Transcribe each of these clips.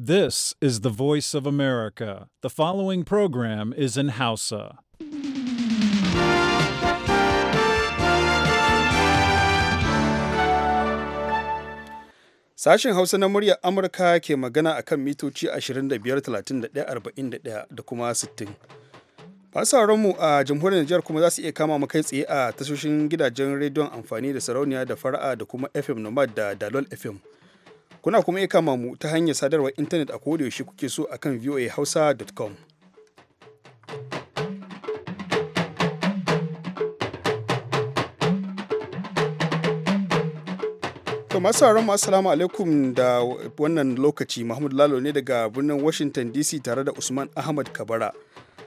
This is the voice of America. The following program is in Hausa. Sashen Hausa na murya Amurka ke magana a kan mitoci 25,31,41 da kuma 60. Masu a jamhuriyar Nijar kuma za su iya kama kai tsaye a tashoshin gidajen rediyon amfani da sarauniya da fara'a da kuma FM Nomad da Dalol FM. Kuna kuma iya kama mu ta hanyar sadarwar intanet a kodayaushe kuke so a kan voahausa.com. masu sauran masu salamu alaikum da wannan lokaci Mahmud Lalo ne daga birnin Washington DC tare da Usman Ahmad Kabara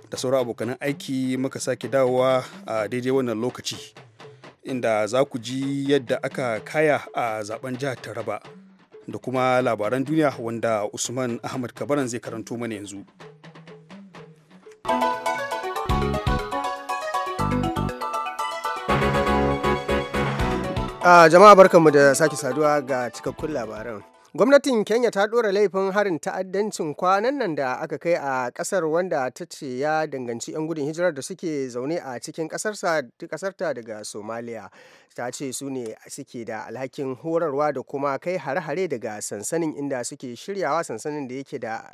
da sauran abokanan aiki muka sake dawowa a daidai wannan lokaci inda za ku ji yadda aka kaya a zaben jihar Taraba. da kuma labaran duniya wanda usman ahmad kabaran zai karanto mana yanzu a ah, jama'a barkanmu da sake saduwa ga cikakkun labaran gwamnatin kenya ta ɗora laifin harin ta'addancin kwanan nan da aka kai a ƙasar wanda ta ce ya danganci 'yan gudun hijirar da suke zaune a cikin ƙasarta daga somalia ta ce su ne suke da alhakin horarwa da kuma kai hare-hare daga sansanin inda suke shiryawa sansanin da yake da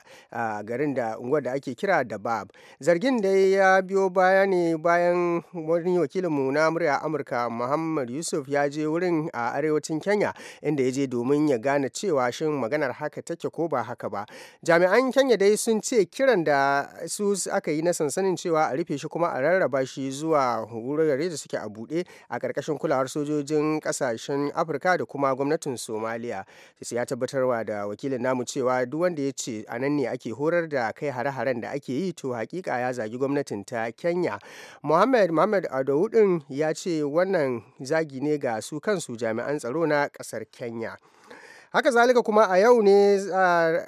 garin da unguwar da ake kira da bab zargin da ya biyo baya ne bayan wani mu na murya amurka muhammad yusuf ya je wurin a arewacin kenya inda ya je domin ya gane cewa cewa maganar haka take ko ba haka ba jami'an kenya dai sun ce kiran da su aka yi na sansanin cewa a rufe shi kuma a rarraba shi zuwa wurare da suke a buɗe a ƙarƙashin kulawar sojojin kasashen afirka da kuma gwamnatin somaliya ya tabbatarwa da wakilin namu cewa duk wanda ya ce a nan ne ake horar da kai hare-haren da ake yi to hakika ya zagi gwamnatin ta kenya muhammad muhammad adowudin ya ce wannan zagi ne ga su kansu jami'an tsaro na ƙasar kenya haka zalika kuma a yau ne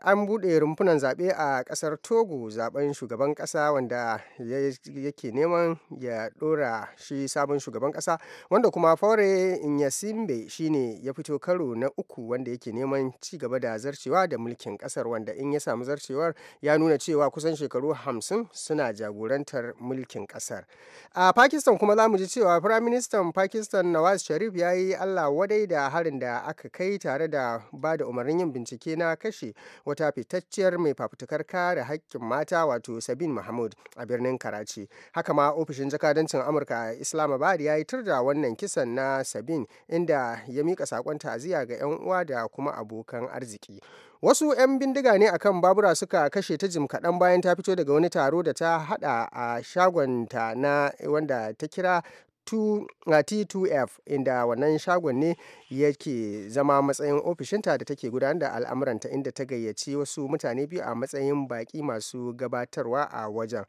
an buɗe rumfunan zaɓe a ƙasar togo zaben shugaban ƙasa wanda yake neman ya ɗora shi sabon shugaban ƙasa wanda kuma faure inyasimbe shine ya fito karo na uku wanda yake neman ci gaba da zarcewa da mulkin ƙasar wanda in ya samu zarcewar ya nuna cewa kusan shekaru hamsin suna jagorantar mulkin ƙasar a pakistan kuma za mu ji cewa firaministan pakistan nawaz sharif ya yi allah wadai da harin da aka kai tare da ba da umarnin yin bincike na kashe wata fitacciyar mai fafutukar kare haƙƙin mata wato sabin mahmud a birnin karachi haka ma ofishin jakadancin amurka a islamabad ya yi tur da wannan kisan na sabin inda ya mika saƙon ta'aziyya ga 'yan uwa da kuma abokan arziki wasu 'yan bindiga ne akan babura suka kashe ta jim kaɗan bayan ta fito daga wani taro da ta haɗa a shagonta na wanda ta kira T2F inda wannan shagon ne yake zama matsayin ofishinta da take gudanar da al'amuranta inda ta gayyaci wasu mutane biyu a matsayin baki masu gabatarwa a wajen.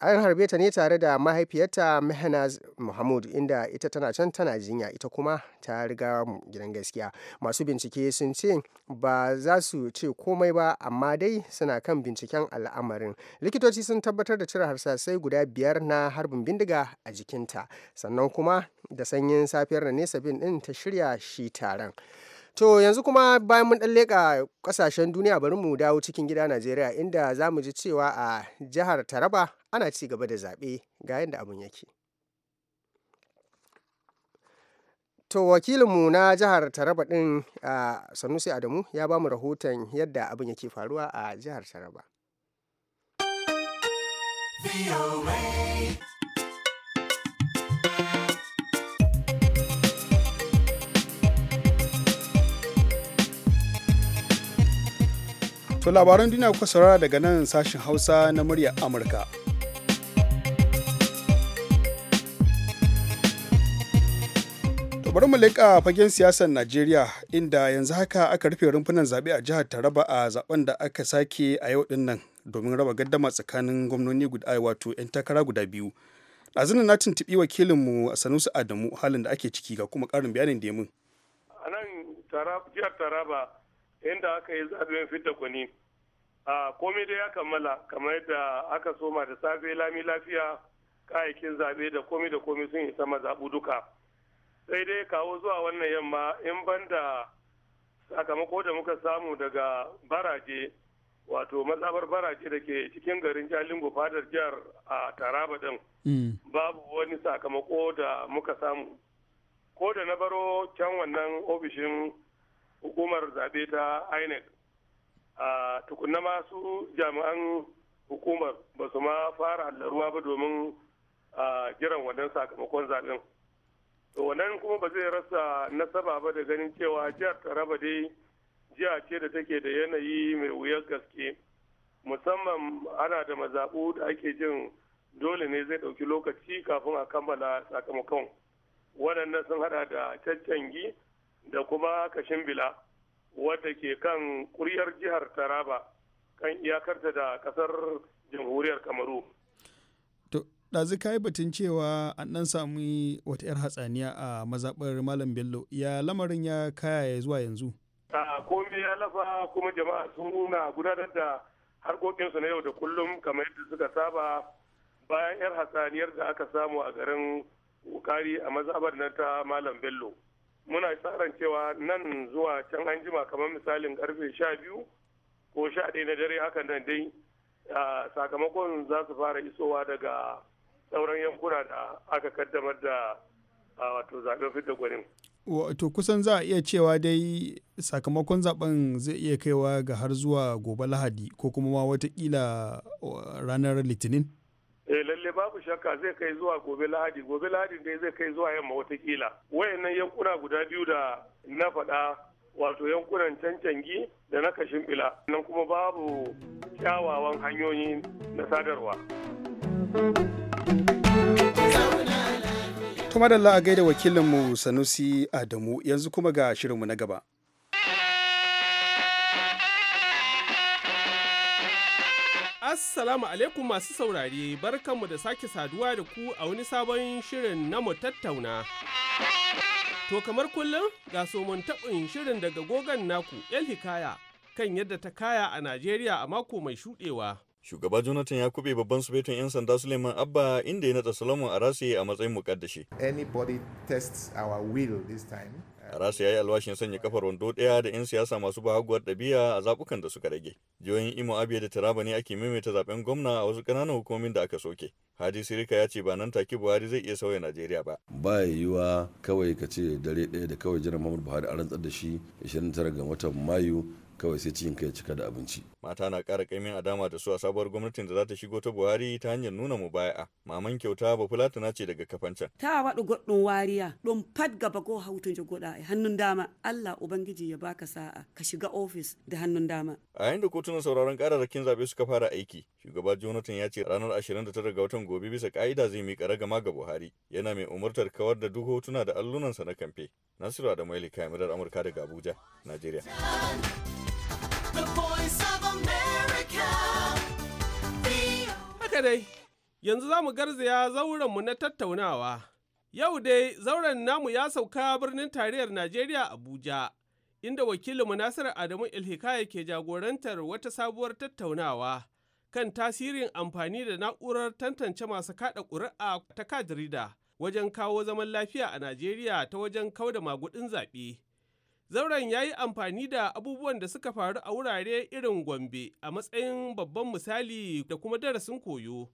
An harbe ta ne tare da mahaifiyarta Mehnaz Muhammad inda ita tana can tana jinya ita kuma ta riga mu gidan gaskiya. Masu bincike sun ce ba za su ce komai ba amma dai suna kan binciken al'amarin. Likitoci sun tabbatar da cire harsasai guda biyar na harbin bindiga a jikinta. Sannan sannan kuma da sanyin safiyar da nesa bin din ta shirya shi taron To yanzu kuma bayan mun ɗan leƙa ƙasashen duniya bari mu dawo cikin gida Najeriya inda za mu ji cewa a jihar Taraba ana ci gaba da zaɓe ga yadda abin yake. To wakilinmu na jihar Taraba ɗin a Sanusi Adamu ya ba mu rahoton yadda abin yake faruwa a jihar Taraba. To labaran duniya kuka saurara daga nan sashen Hausa na muryar Amurka. To bari mu leƙa fagen siyasar Najeriya inda yanzu haka aka rufe rumfunan zaɓe a jihar Taraba a zaben da aka sake a yau ɗin nan domin raba gaddama tsakanin gwamnoni guda wato 'yan takara guda biyu. ɗazuna na tuntuɓi wakilinmu a sanusi adamu halin da ake ciki ga kuma ƙarin bayanin da mun a nan jihar taraba inda aka yi zaɓen fita kwani a komai dai ya kammala kamar yadda aka soma da safe lami lafiya kayayyakin zaɓe da komai da komai sun isa mazaɓu duka sai dai kawo zuwa wannan yamma in banda sakamako da muka samu daga baraje wato matsabar barace da ke cikin garin jalingo fadar jihar a taraba din mm. babu wani sakamako da muka samu ko da na baro can wannan ofishin hukumar zaɓe ta inec a tukunna masu jami'an hukumar ba su ma fara hallaruwa ba domin jiran wannan sakamakon zaɓen wannan kuma ba zai rasa nasaba ba da ganin cewa jihar taraba dai jiya ce da take da yanayi mai wuyar gaske musamman ana da mazaɓu da ake jin dole ne zai ɗauki lokaci kafin a kammala sakamakon waɗannan sun hada da caccangi da kuma kashin bila wadda ke kan ƙuryar jihar taraba kan iyakarta da ƙasar jamhuriyar kamaru to ɗazu ka yi batun cewa an ɗan sami wata 'yar hatsaniya a mazaɓar malam bello ya lamarin ya kaya zuwa yanzu ko saba kuma jama'a sun nuna gudanar da harkokinsu na yau da kullum kamar yadda suka saba bayan 'yar hasaniyar da aka samu a garin wukari a mazabar na ta malam bello muna tsaron cewa nan zuwa can an jima kamar misalin karfe sha biyu ko sha ɗaya na dare haka nan dai sakamakon za su fara isowa daga sauran yankuna da aka kaddamar da wato zaɓen fidda gwanin wato kusan za a iya cewa dai sakamakon zaben zai iya kaiwa ga har zuwa gobe lahadi ko kuma ma watakila ranar litinin eh lalle babu shakka zai kai zuwa gobe lahadi gobe lahadi dai zai kai zuwa yamma watakila wayannan yankuna guda biyu da na faɗa wato yankunan cancangi da na kashin bila nan kuma babu kyawawan hanyoyi na sadarwa. kuma da a gaida wakilinmu Sanusi Adamu yanzu kuma ga shirinmu na gaba. Assalamu alaikum masu saurare barkanmu da sake saduwa da ku a wani sabon shirin na mu tattauna. To kamar kullum ga somon taɓin shirin daga gogon naku El Hikaya kan yadda ta kaya a Najeriya a mako mai shuɗewa. shugaba jonathan ya kube babban sufetun 'yan sanda suleiman abba inda ya nada solomon arase a matsayin mukaddashi anybody tests uh, ya yi alwashin sanya kafar wando daya da 'yan siyasa masu bahaguwar ɗabi'a a zabukan da suka rage. Jihohin Imo abiya da Taraba ne ake maimaita zaben gwamna a wasu ƙananan hukumomin da aka soke. Hadi Sirika ya ce ba nan take Buhari zai iya sauya Najeriya ba. Ba yiwuwa kawai ka ce dare ɗaya da kawai jiran Muhammadu Buhari a rantsar da shi 29 ga watan Mayu kawai sai cikin kai cika da abinci. Mata na ƙara kaimin a dama da su a sabuwar gwamnatin da za ta shigo ta Buhari ta hanyar nuna mu baya. Maman kyauta ba fulatana ce daga kafancan. Ta waɗa goɗɗon wariya ɗon fat gaba ko hautun ji goɗa hannun dama. Allah Ubangiji ya baka sa'a ka shiga ofis da hannun dama. A yayin da kotunan sauraron kararrakin zaɓe suka fara aiki, shugaba Jonathan ya ce ranar ashirin da 29 ga watan gobe bisa ƙa'ida zai miƙa ragama ga Buhari. Yana mai umartar kawar da duk hotuna da allunansa na kamfe. Nasiru Adamu Ali Kamilar Amurka daga Abuja, Najeriya. Haka dai, yanzu za mu garzaya zaurenmu na tattaunawa. Yau dai zauren namu ya sauka birnin tariyar Najeriya Abuja, inda wakilinmu Nasiru Adamu Ilhikaya ke jagorantar wata sabuwar tattaunawa kan tasirin amfani da na'urar tantance masu kaɗa ƙuri'a ta kadirida wajen kawo zaman lafiya a Najeriya ta wajen kauda magudin zaɓe. Zauren ya yi amfani da abubuwan da suka faru a wurare irin Gombe a matsayin babban misali da kuma darasin koyo.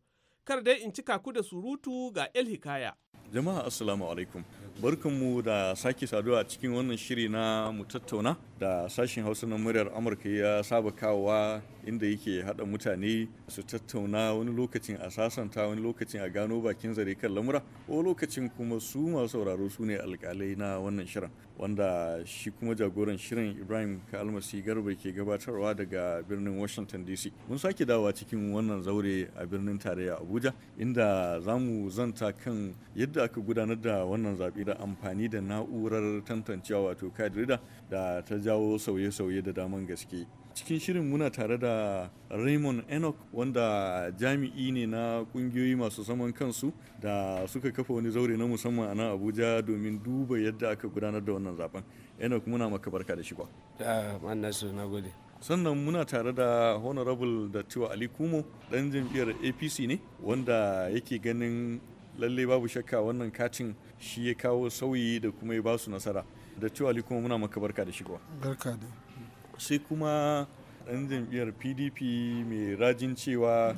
Kar dai in cika ku da surutu ga El Hikaya. Jama'a Assalamu alaikum. Barkanmu da sake saduwa a cikin wannan shiri na mu tattauna da sashen Hausa na muryar Amurka ya saba kawowa inda yake haɗa mutane su tattauna wani lokacin a sasanta wani lokacin a gano bakin zare kan lamura ko lokacin kuma su masu sauraro su ne alƙalai na wannan shirin. wanda shi kuma jagoran shirin ibrahim kalmasi garba ke gabatarwa daga birnin washington dc mun sake dawa cikin wannan zaure a birnin tarayya abuja inda za mu zanta kan yadda aka gudanar da wannan zaɓe da amfani da na'urar tantancewa wato kadrida da ta jawo sauye-sauye da daman gaske cikin shirin muna tare da raymond enoch wanda jami'i ne na kungiyoyi masu saman kansu da suka kafa wani zaure na musamman a nan abuja domin duba yadda aka gudanar da wannan zaben enoch muna maka barka da shi ba na gode sannan muna tare da honorable da tiwa ali kumo dan jam'iyyar apc ne wanda yake ganin lalle babu shakka wannan katin shi ya kawo sauyi da kuma ya ba nasara da cewa ali kuma muna maka barka da shigowa barka da sai kuma ɗan jam'iyyar pdp mai rajin cewa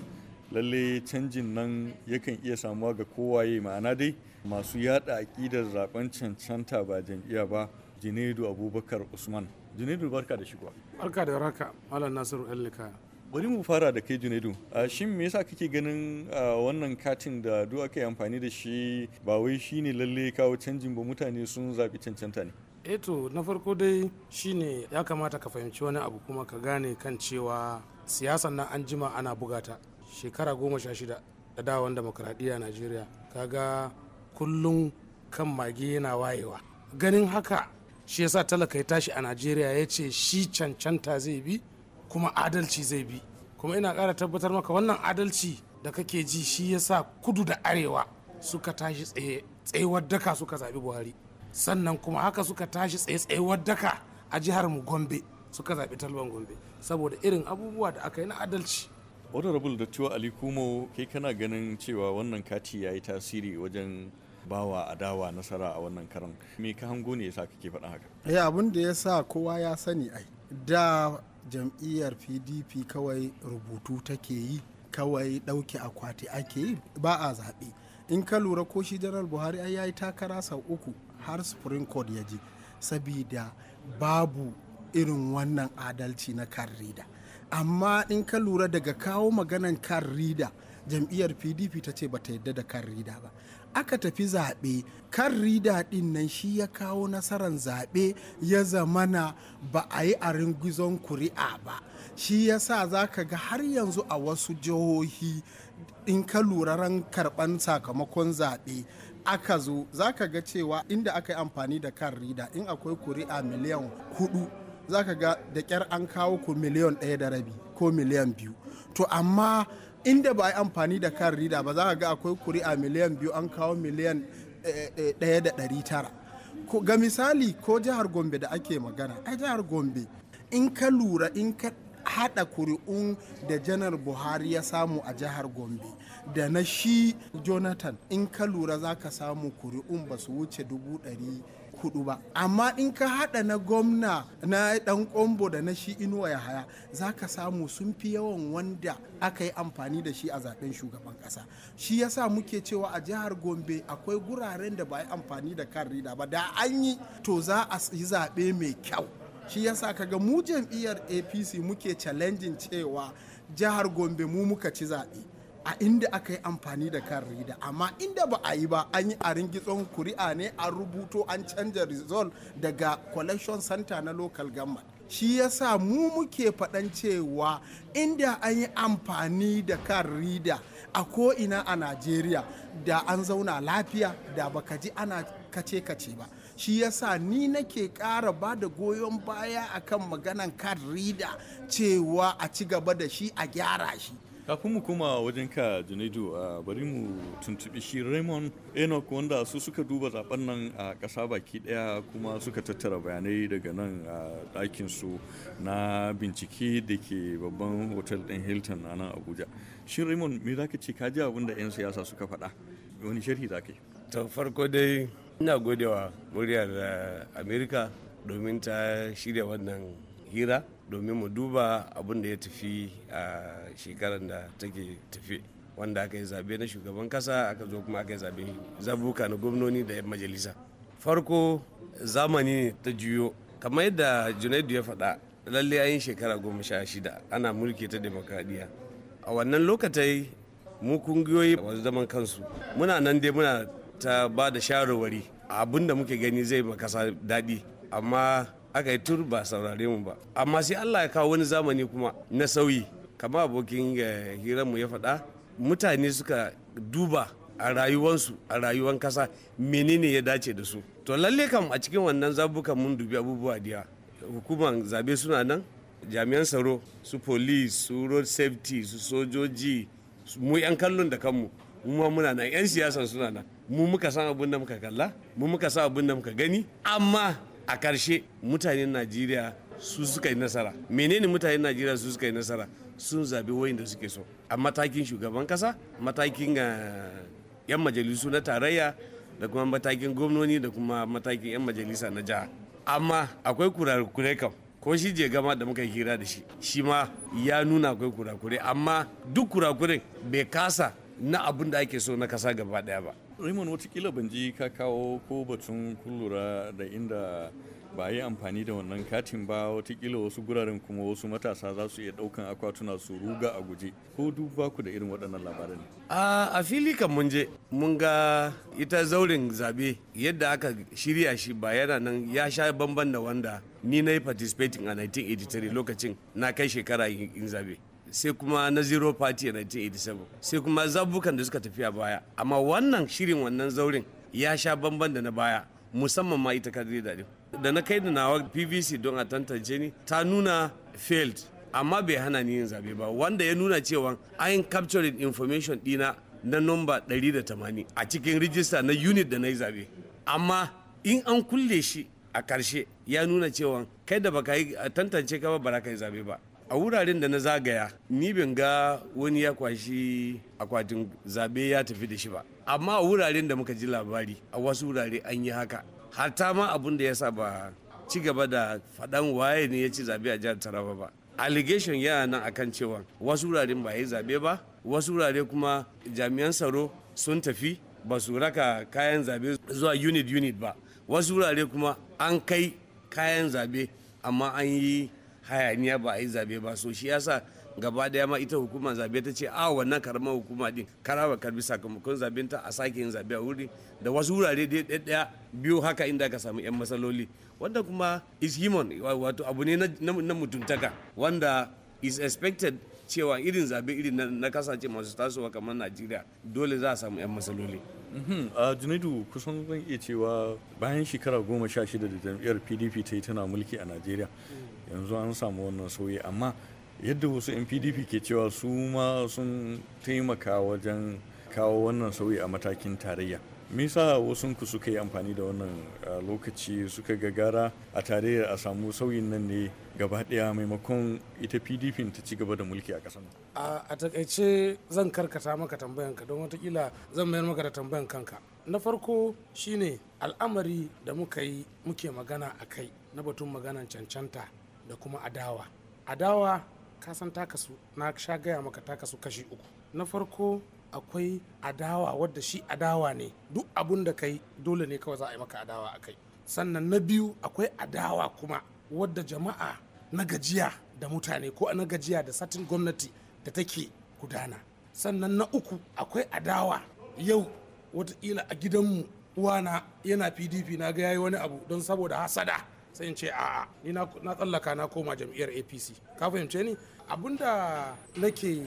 lalle canjin nan yakan iya samuwa ga kowaye ma'ana dai masu yada aƙidar zaben cancanta ba jam'iyya ba junaidu abubakar usman junaidu barka da shigowa barka da raka malam nasiru ellika bari mu fara da kai junaidu shin me yasa kake ganin wannan katin da duk aka yi amfani da shi ba wai shine lalle kawo canjin ba mutane sun zaɓi cancanta ne eto eh na farko dai shine ya kamata ka fahimci wani abu kuma ka gane kan cewa siyasan nan an jima ana bugata shekara goma sha shida da dawon demokradiyya najeriya ga kullum kan mage yana wayewa ganin haka shi yasa talaka ya tashi a najeriya ya ce shi cancanta zai bi kuma adalci zai bi kuma ina kara tabbatar maka wannan adalci da kake ji shi yasa kudu da arewa suka tashi tsaye daka suka zaɓi buhari sannan kuma haka suka tashi tsaye tsaye daka a jihar mu gombe suka zaɓi talban gombe saboda irin abubuwa da aka yi na adalci honorable da cewa ali kumo kai kana ganin cewa wannan kati ya yi tasiri wajen bawa adawa nasara a wannan karan me ka hango ne yasa kake faɗa haka eh abin da yasa kowa ya sani ai da jam'iyyar pdp kawai rubutu take yi kawai ɗauke akwati ake yi ba a zaɓe in ka lura ko shi janar buhari ai ya yi takara sau uku har supreme court ya ji sabida babu irin wannan adalci na kan rida amma in ka lura daga kawo maganan kan rida jam'iyyar pdp ta ce ba ta yadda da kan rida ba aka tafi zaɓe kan rida ɗin nan shi ya kawo nasarar zaɓe ya zamana ba a yi a ringizon kuri'a ba shi ya sa za ka ga har yanzu a wasu jihohi in ka lura ran karɓan sakamakon zaɓe aka zo za ka ga cewa inda aka yi amfani da kan rida in akwai kuri'a miliyan hudu za ka ga da kyar an kawo ku miliyan ɗaya da rabi ko miliyan biyu to amma inda ba a yi amfani da kan rida ba za ka ga akwai kuri'a miliyan biyu an kawo miliyan eh, eh, ɗaya da ɗari tara ga misali ko jihar gombe da ake magana ai jihar gombe in ka lura in ka haɗa kuri'un da janar buhari ya samu a jihar gombe da na shi jonathan in ka lura za ka samu kuri'un ba su wuce dubu ɗari hudu ba amma in ka hada na gwamna na dan kombo da na shi inuwa ya haya za ka samu sun fi yawan wanda aka yi amfani da shi a zaben shugaban kasa shi yasa muke cewa a jihar gombe akwai guraren da ba yi amfani da kan rida ba da an yi to za a yi zaɓe mai kyau shi yasa kaga mu jam'iyyar apc muke challenging cewa jihar gombe mu muka ci zaɓe a inda aka yi amfani da kan rida amma inda ba a yi ba an yi a ringitson kuri'a ne an rubuto an canja result daga collection center na local government shi yasa mu muke faɗan cewa inda an yi amfani da kan rida a ko'ina a najeriya da an zauna lafiya da baka ji ana kace-kace ba shi yasa ni nake kara ba da goyon baya akan maganan card reader cewa a ci gaba da shi a gyara shi kafin mu kuma wajen ka junaidu a bari mu tuntubi shi raymond enoch wanda su suka duba zaben nan a ƙasa baki ɗaya kuma suka tattara bayanai daga nan a ɗakin su na bincike da ke babban hotel ɗin hilton a nan abuja shi raymond me za ka ce ka ji abin da 'yan siyasa suka faɗa wani sharhi za ka yi to farko dai ina godewa muryar eh, amerika domin ta shirya wannan hira domin mu duba abin da ya tafi a eh, shekarar da take tafi wanda aka yi zabe na shugaban kasa aka zo kuma aka yi zabe zabuka na gwamnoni da yan majalisa farko zamani ta juyo kamar yadda junaidu ya faɗa lalle yayin shekara goma sha shida ana mulki ta demokradiyya a wannan lokatai mu kungiyoyi wasu zaman kansu muna nan dai muna ta ba da shawarwari abin da muke gani zai makasa daɗi amma aka yi tur ba saurare mu ba amma sai allah ya kawo wani zamani kuma na sauyi kama abokin eh, mu ya faɗa mutane suka duba a rayuwansu a rayuwan kasa menene ya dace da su to lalle kam a cikin wannan zabukan mun dubi abubuwa diya hukumar zabe suna nan jami'an tsaro su police su road safety su sojoji mu 'yan kallon da kanmu mu muna nan 'yan siyasan suna nan mu muka san abin da muka kalla mu muka san abin da muka gani amma a karshe mutanen najeriya su suka yi nasara menene mutanen najeriya su suka yi nasara sun zabi wayin da suke so a matakin shugaban kasa matakin eh, yan majalisu na tarayya da kuma matakin gwamnoni da kuma matakin yan majalisa na jiha amma akwai kurakure kam ko shi je gama da muka hira da shi shi ma ya nuna akwai kurakure amma duk kurakuren bai kasa na abin da ake so na kasa gaba daya ba raymond watakila ban ji ka kawo ko batun kullura da inda ba yi amfani da wannan katin ba watakila wasu guraren kuma wasu matasa za su iya daukan akwatuna su ruga a guje ko duk baku da irin waɗannan labaran a fili kan mun je mun ga ita zaurin zabe yadda aka shirya shi ba yana nan ya sha bamban da wanda ni na yi participating a 1983 lokacin na kai shekara yin zabe sai kuma na zero party na 1987 sai kuma zabukan da suka tafi a baya amma wannan shirin wannan zaurin ya sha bamban da na baya musamman ma ita kadiri da da na kai da nawa pvc don a tantance ni ta nuna failed amma bai hana ni yin zabe ba wanda ya nuna cewa an capturing information dina na nomba 180 a cikin rijista na unit da na yi zabe amma in an kulle shi a karshe ya nuna cewa kai da baka yi tantance ka ba ba za yi zabe ba a wuraren da na zagaya ni ban ga wani ya kwashi akwatin zabe ya tafi da shi ba amma a wuraren da muka ji labari a wasu wurare an yi haka hatta ma abun da ya sa ba ci gaba da faɗan waye ne ya ci zabe a jihar taraba ba allegation yana nan akan cewa wasu wuraren ba yi zabe ba wasu wurare kuma jami'an tsaro sun tafi ba su raka kayan zabe zuwa unit unit ba wasu wurare kuma an kai kayan zabe amma an yi hayaniya ba a yi zabe ba so shi yasa gaba daya ma ita hukuma zabe ta ce a ah, wannan karamar hukuma din karawa karbi sakamakon zaben ta a sake yin zabe a wuri da wasu wurare dai daya biyu haka inda ka samu yan masaloli wanda kuma is human wato abu ne na mutuntaka wanda is expected cewa irin zabe irin na kasance masu tasowa kamar najeriya dole za a samu 'yan matsaloli mhm. a junaidu kusan zan iya cewa bayan shekara goma sha shida da jam'iyyar pdp ta yi tana mulki a najeriya yanzu an samu wannan sauyi amma yadda wasu 'yan pdp ke cewa su ma sun taimaka wajen kawo wannan sauyi a matakin tarayya misa wasu ku suka yi amfani da wannan lokaci suka gagara gara a tarayyar a samu sauyin nan ne gaba daya maimakon ita pdp ta ci gaba da mulki a kasan a takaice zan karkata maka tambayanka don watakila zan mayar maka da tambayan kanka na farko shine al'amari da muka yi muke magana a kai na batun maganan cancanta da kuma adawa adawa ka san takasu na sha gaya maka takasu kashi uku na farko akwai adawa wadda shi adawa ne duk abun da kai dole ne kawai za a yi maka adawa a kai sannan na biyu akwai adawa kuma wadda jama'a na gajiya da mutane ko na gajiya da satin gwamnati da take gudana sannan na uku akwai adawa yau watakila a gidanmu uwana yana pdp na ga yayi wani abu don saboda hasada sai in ce a'a ni na tsallaka na koma jam'iyyar apc ka fahimce ni abinda nake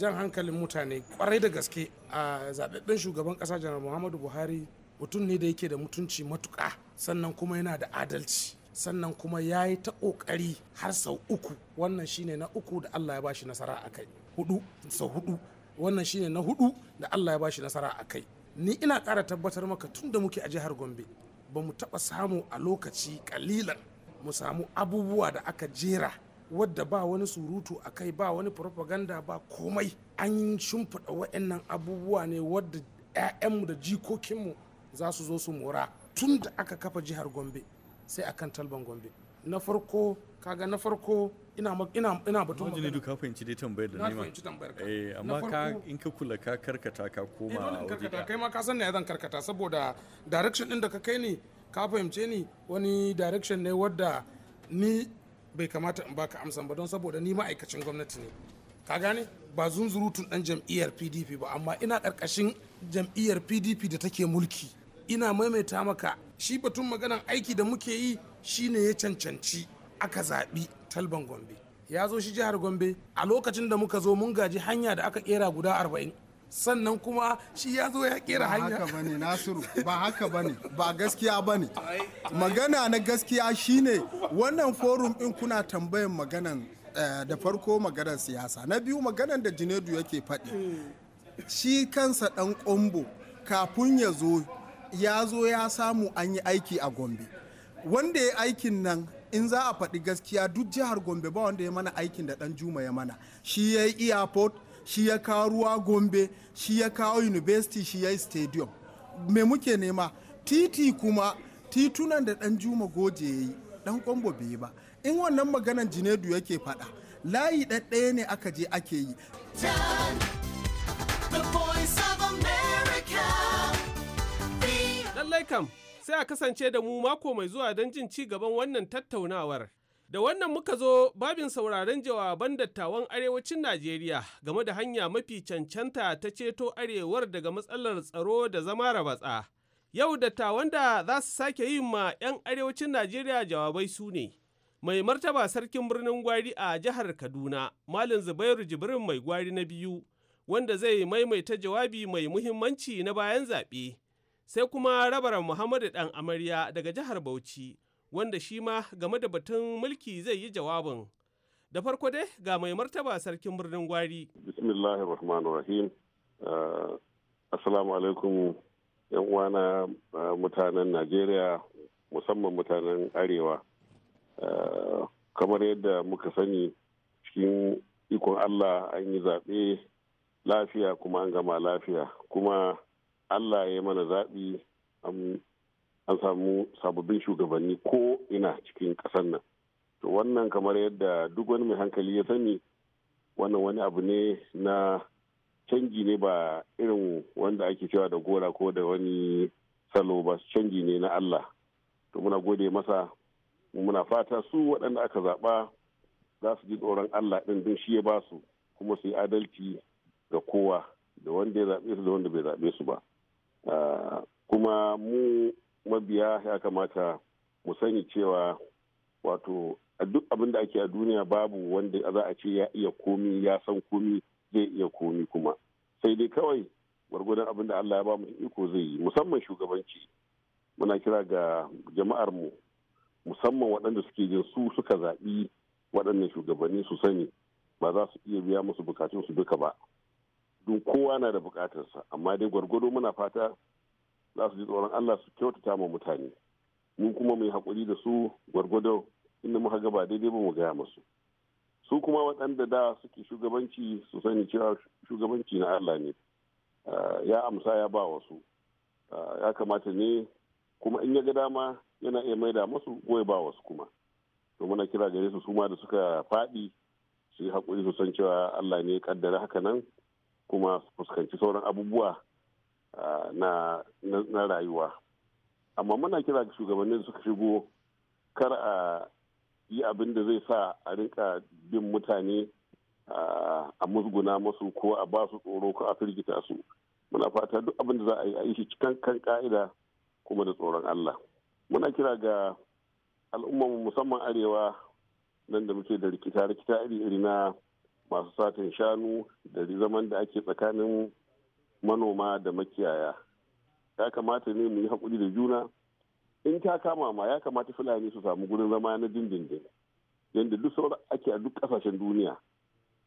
jan hankalin mutane kwarai da gaske a zaɓaɓɓen shugaban ƙasa janar muhammadu buhari mutum ne da yake da mutunci matuƙa sannan kuma yana da adalci sannan kuma ya yi ta ƙoƙari har sau uku wannan shine na uku da allah ya bashi nasara a kai hudu sau hudu wannan shine na hudu da allah ya bashi nasara a kai ni ina ƙara tabbatar maka tun da muke a jihar gombe ba mu taɓa samu a lokaci ƙalilan mu samu abubuwa da aka jera wadda ba wani surutu a kai ba wani propaganda ba komai an shimfiɗa waɗannan abubuwa ne wadda 'ya'yanmu da jikokinmu za su zo su mora tun da aka kafa jihar gombe sai akan talban gombe na farko kaga na farko ina ina ina batun magana duka fahimci dai tambayar da ni ma. eh amma ka in ka kula ka karkata ka koma eh, a waje ka karkata kai ma ka san ne zan karkata saboda direction din da ka kai ni ka fahimce ni wani direction ne wadda ni bai kamata in baka amsan ba don saboda ni ma'aikacin gwamnati ne ka gane ba zunzurutun dan jam'iyyar PDP ba amma ina karkashin jam'iyyar PDP da take mulki ina maimaita maka shi batun maganan aiki da muke yi shine ya cancanci aka zaɓi talban gombe ya zo shi jihar gombe a lokacin da muka zo mun gaji hanya da aka kera guda arba'in sannan kuma shi ya zo ya kera hanya ba haka bane nasiru ba haka bane ba gaskiya bane magana na gaskiya shine wannan forum din kuna tambayan maganan eh, da farko maganar siyasa na biyu maganan da jinedu yake faɗi shi kansa ɗan kombo kafin ya zo ya zo ya samu an yi aiki a gombe wanda ya aikin nan in za a faɗi gaskiya duk jihar gombe ba wanda ya mana aikin da dan juma ya mana shi ya yi airport shi ya kawo ruwa gombe shi ya kawo university shi ya yi stadium me muke nema titi kuma titunan da dan juma goje ya yi dan kwambo bai ba in wannan maganan jinedu yake faɗa layi ɗaɗɗaya ne aka je ake yi lallai sai a kasance da mu mako mai zuwa don jin ci gaban wannan tattaunawar. Da wannan muka zo babin sauraron jawaban dattawan arewacin Najeriya game da hanya mafi cancanta ta ceto arewar daga matsalar tsaro da zama rabatsa. Yau dattawan da za su sake yin ma 'yan arewacin Najeriya jawabai su ne. Mai martaba sarkin birnin gwari a jihar Kaduna, Malin Zubairu Jibrin mai gwari na biyu, wanda zai maimaita jawabi mai muhimmanci na bayan zaɓe. sai kuma rabaran Muhammadu dan amarya daga jihar Bauchi wanda shi ma game da batun mulki zai yi jawabin. Da farko dai ga mai martaba sarkin birnin gwari. Bismillahir Rahmanir Rahim. Uh, assalamu alaikum yan uwana uh, mutanen Najeriya musamman mutanen Arewa. Uh, kamar yadda muka sani cikin ikon Allah an yi zaɓe lafiya kuma an gama lafiya kuma allah ya mana zaɓi an samu sababbin shugabanni ko ina cikin ƙasar nan to wannan kamar yadda duk wani mai hankali ya sani wannan wani abu ne na canji ne ba irin wanda ake cewa da gora ko da wani salo ba canji ne na allah to muna gode masa muna fata su waɗanda aka zaɓa za su ji tsoron allah ɗin don shi ya ba su kuma su yi adalci ga kowa da wanda ya zaɓe su da wanda bai zaɓe su ba Ah, kuma mu mabiya ya kamata mu sani cewa wato duk abin da ake a duniya babu wanda za a ce ya iya komi ya san komi zai iya komi kuma sai dai kawai gwargwadon abin da allah ya ba mu iko zai yi musamman shugabanci muna kira ga jama'ar mu musamman waɗanda suke jin su suka zaɓi waɗannan shugabanni su sani ba za su iya biya musu bukatunsu duka ba don kowa na da bukatarsa amma dai gwargwado muna fata za su ji tsoron allah su kyautata ma mutane mun kuma mai haƙuri da su gwargwado inda muka gaba daidai ba mu gaya masu su kuma waɗanda da suke shugabanci su sani cewa shugabanci na allah ne ah, ya amsa ya ba wasu ah, ya kamata ne kuma in ya ga dama yana iya maida masu goyi ba wasu kuma to muna kira gare su ma da suka faɗi su yi haƙuri su san cewa allah ne ya kaddara haka nan kuma fuskanci sauran abubuwa na rayuwa amma muna kira ga shugabannin suka shigo kar a yi abin da zai sa a rinka bin mutane a musguna masu ko a ba su tsoro ko a firgita su muna fata duk abin da za a yi a yi shi cikin kan ka'ida kuma da tsoron Allah muna kira ga al'ummar musamman arewa nan da muke da rikita rikita iri iri na masu satin shanu da zaman da ake tsakanin manoma da makiyaya ya kamata ne mu yi haƙuri da juna in ta kama ma ya kamata fulani su samu gurin zama na dindindin yadda duk sauran ake a duk ƙasashen duniya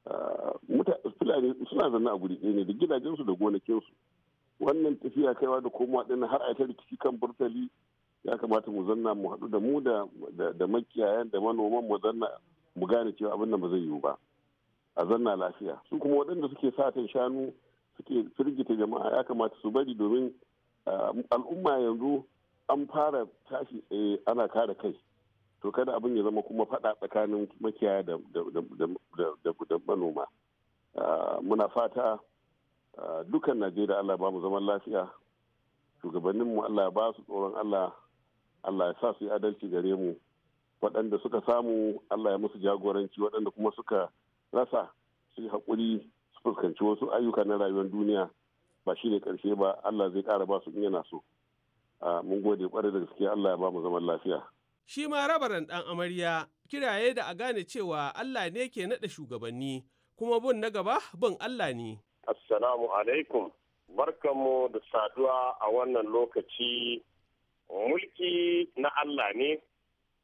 ah, fulani suna zanne a guri ne da gidajensu da gonakinsu wannan tafiya kaiwa da komowa ɗin har a ta rikici kan burtali ya kamata mu zanna mu haɗu da mu da makiyayan da manoman mu zanna mu gane cewa abin da ba zai yiwu ba. a zanna lafiya su kuma waɗanda suke satan shanu suke firgita jama'a ya kamata su bari domin al'umma yanzu an fara tashi tsaye ana kare kai to kada abin ya zama kuma faɗa tsakanin makiyaya da manoma muna fata dukan najeriya allah ba mu zaman lafiya shugabanninmu allah ba su tsoron allah allah ya sa su yi adalci gare mu waɗanda suka samu allah ya musu jagoranci waɗanda kuma suka rasa su yi haƙuri su fuskanci wasu ayyuka na rayuwar duniya ba shi ne ƙarshe ba Allah zai ƙara ba su in yana so mun gode ƙwarai da gaske Allah ya ba mu zaman lafiya shi ma rabaran ɗan amarya kiraye da a gane cewa Allah ne ke naɗa shugabanni kuma bin na gaba bin Allah ne assalamu alaikum barkanmu da saduwa a wannan lokaci mulki na Allah ne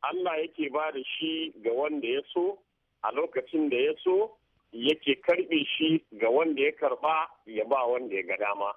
Allah yake ba da shi ga wanda ya so a lokacin da ya so yake karbe shi ga wanda ya karba ya ba wanda ya ga dama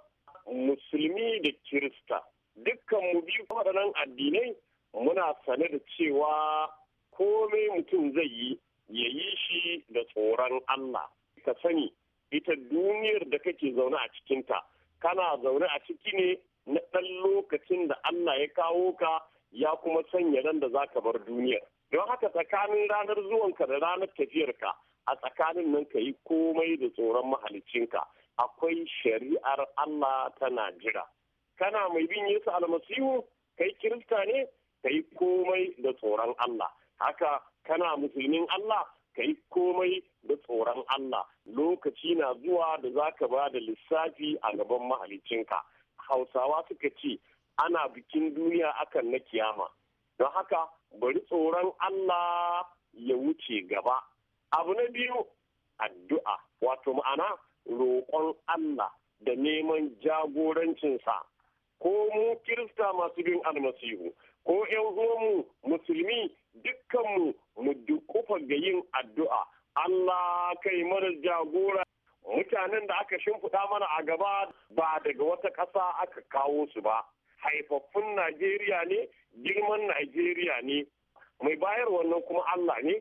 musulmi da kirista dukkan mu biyu waɗannan addinai muna sane da cewa komai mutum zai yi ya yi shi da tsoron Allah ka sani ita duniyar da kake zaune a cikinta kana zaune a ciki ne na ɗan lokacin da Allah ya kawo ka ya kuma sanya nan da za ka bar duniyar don haka tsakanin ranar zuwanka da ranar tafiyarka a tsakanin nan ka yi komai da tsoron mahalicinka akwai shari'ar Allah tana jira kana mai bin Yesu almasihu kai kirista ne ka yi komai da tsoron Allah haka kana musulmin Allah ka yi komai da tsoron Allah lokaci na zuwa da za ka ba da lissafi a gaban mahalicinka hausawa suka ce ana bikin duniya akan na kiyama don haka bari tsoron Allah ya wuce gaba abu na biyu addu'a wato ma'ana roƙon Allah da neman jagorancinsa ko mu kirista masu bin almasihu ko yan uwanmu musulmi dukkanmu mu dukufa ga yin addu'a Allah kai mara jagora mutanen da aka shimfiɗa mana a gaba ba daga wata ƙasa aka kawo su ba haifaffun Najeriya ne girman Najeriya ne mai bayar wannan kuma Allah ne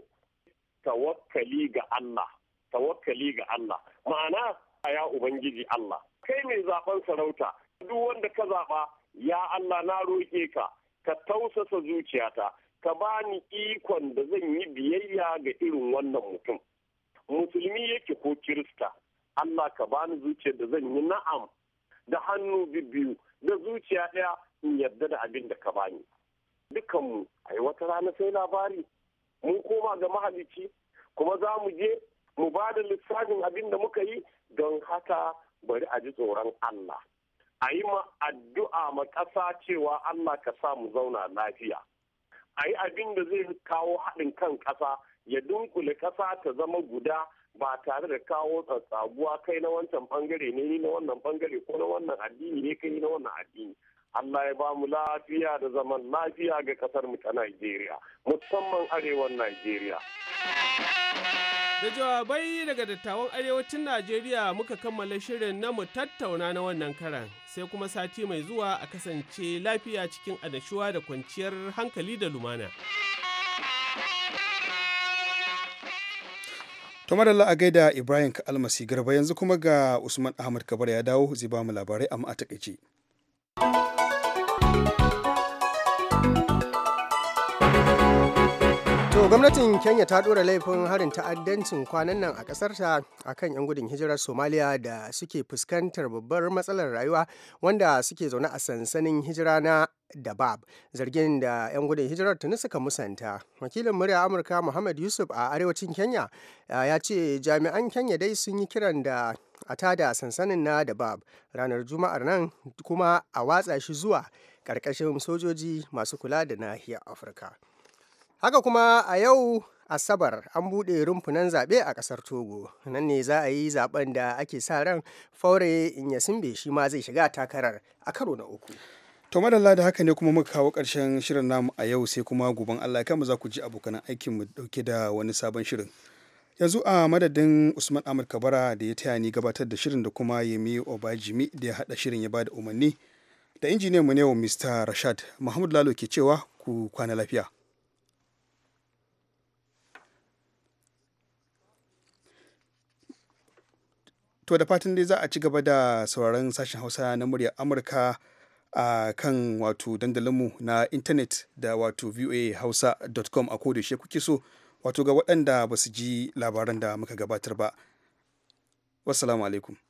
tawakkali ga Allah tawakkali ga Allah ma'ana ya ubangiji Allah kai mai zaben sarauta duk wanda ka zaba ya Allah na roƙe ka ka tausasa zuciyata ka bani ikon da zan yi biyayya ga irin wannan mutum musulmi yake ko kirista Allah ka bani zuciya da zan yi na'am da hannu biyu da zuciya ɗaya in yarda da abin da ka bani dukanmu a yi wata rana sai labari mun koma ga mahalicci kuma za mu je mu ba da lissafin abin da muka yi don haka bari a ji tsoron Allah a yi ma addu'a ma ƙasa cewa Allah ka sa mu zauna lafiya a yi abin da zai kawo haɗin kan ƙasa ya dunkule ƙasa ta zama guda ba tare da kawo tsatsaguwa kai na wancan bangare ne ni na wannan bangare ko na wannan addini ne kai na wannan addini Allah ya ba mu lafiya da zaman lafiya ga kasar mu ta Najeriya musamman arewan Najeriya. Da jawabai daga dattawan arewacin Najeriya muka kammala shirin na mu tattauna na wannan karan sai kuma sati mai zuwa a kasance lafiya cikin adashuwa da kwanciyar hankali da lumana. Tumarala a gaida Ibrahim Almasi Garba yanzu kuma ga Usman Ahmad Kabar ya dawo zai ba mu labarai amma a takaice. To gwamnatin Kenya ta dora laifin harin ta'addancin kwanan nan a ƙasarta a kan 'yan gudun hijirar Somaliya da suke fuskantar babbar matsalar rayuwa wanda suke zaune a sansanin hijira na Dabab zargin da 'yan gudun hijirar tuni suka musanta. Wakilin murya Amurka Muhammad Yusuf a arewacin Kenya ya ce jami'an Kenya dai sun yi kiran da a tada sansanin na Dabab ranar Juma'ar nan kuma a watsa shi zuwa ƙarƙashin sojoji masu kula da nahiyar Afirka. haka kuma a yau asabar an buɗe rumfunan zaɓe a ƙasar togo nan ne za a yi zaɓen da ake sa ran faure in ya inyasimbe shi ma zai shiga takarar a karo na uku to madalla da haka ne kuma muka kawo ƙarshen shirin namu a yau sai kuma guban allah mu za ku ji abokan aikin mu dauke da wani sabon shirin yanzu a madadin usman ahmad kabara da ya taya ni gabatar da shirin da kuma yemi obajimi da ya haɗa shirin ya bada umarni da injiniyan mu ne wa mr rashad muhammadu lalo ke cewa ku kwana lafiya to da fatan dai za a ci gaba da sauraron sashen hausa na muryar amurka a kan wato dandalinmu na intanet da wato voahausa.com a ko kodayaushe kuke so wato ga waɗanda ba su ji labaran da muka gabatar ba wassalamu alaikum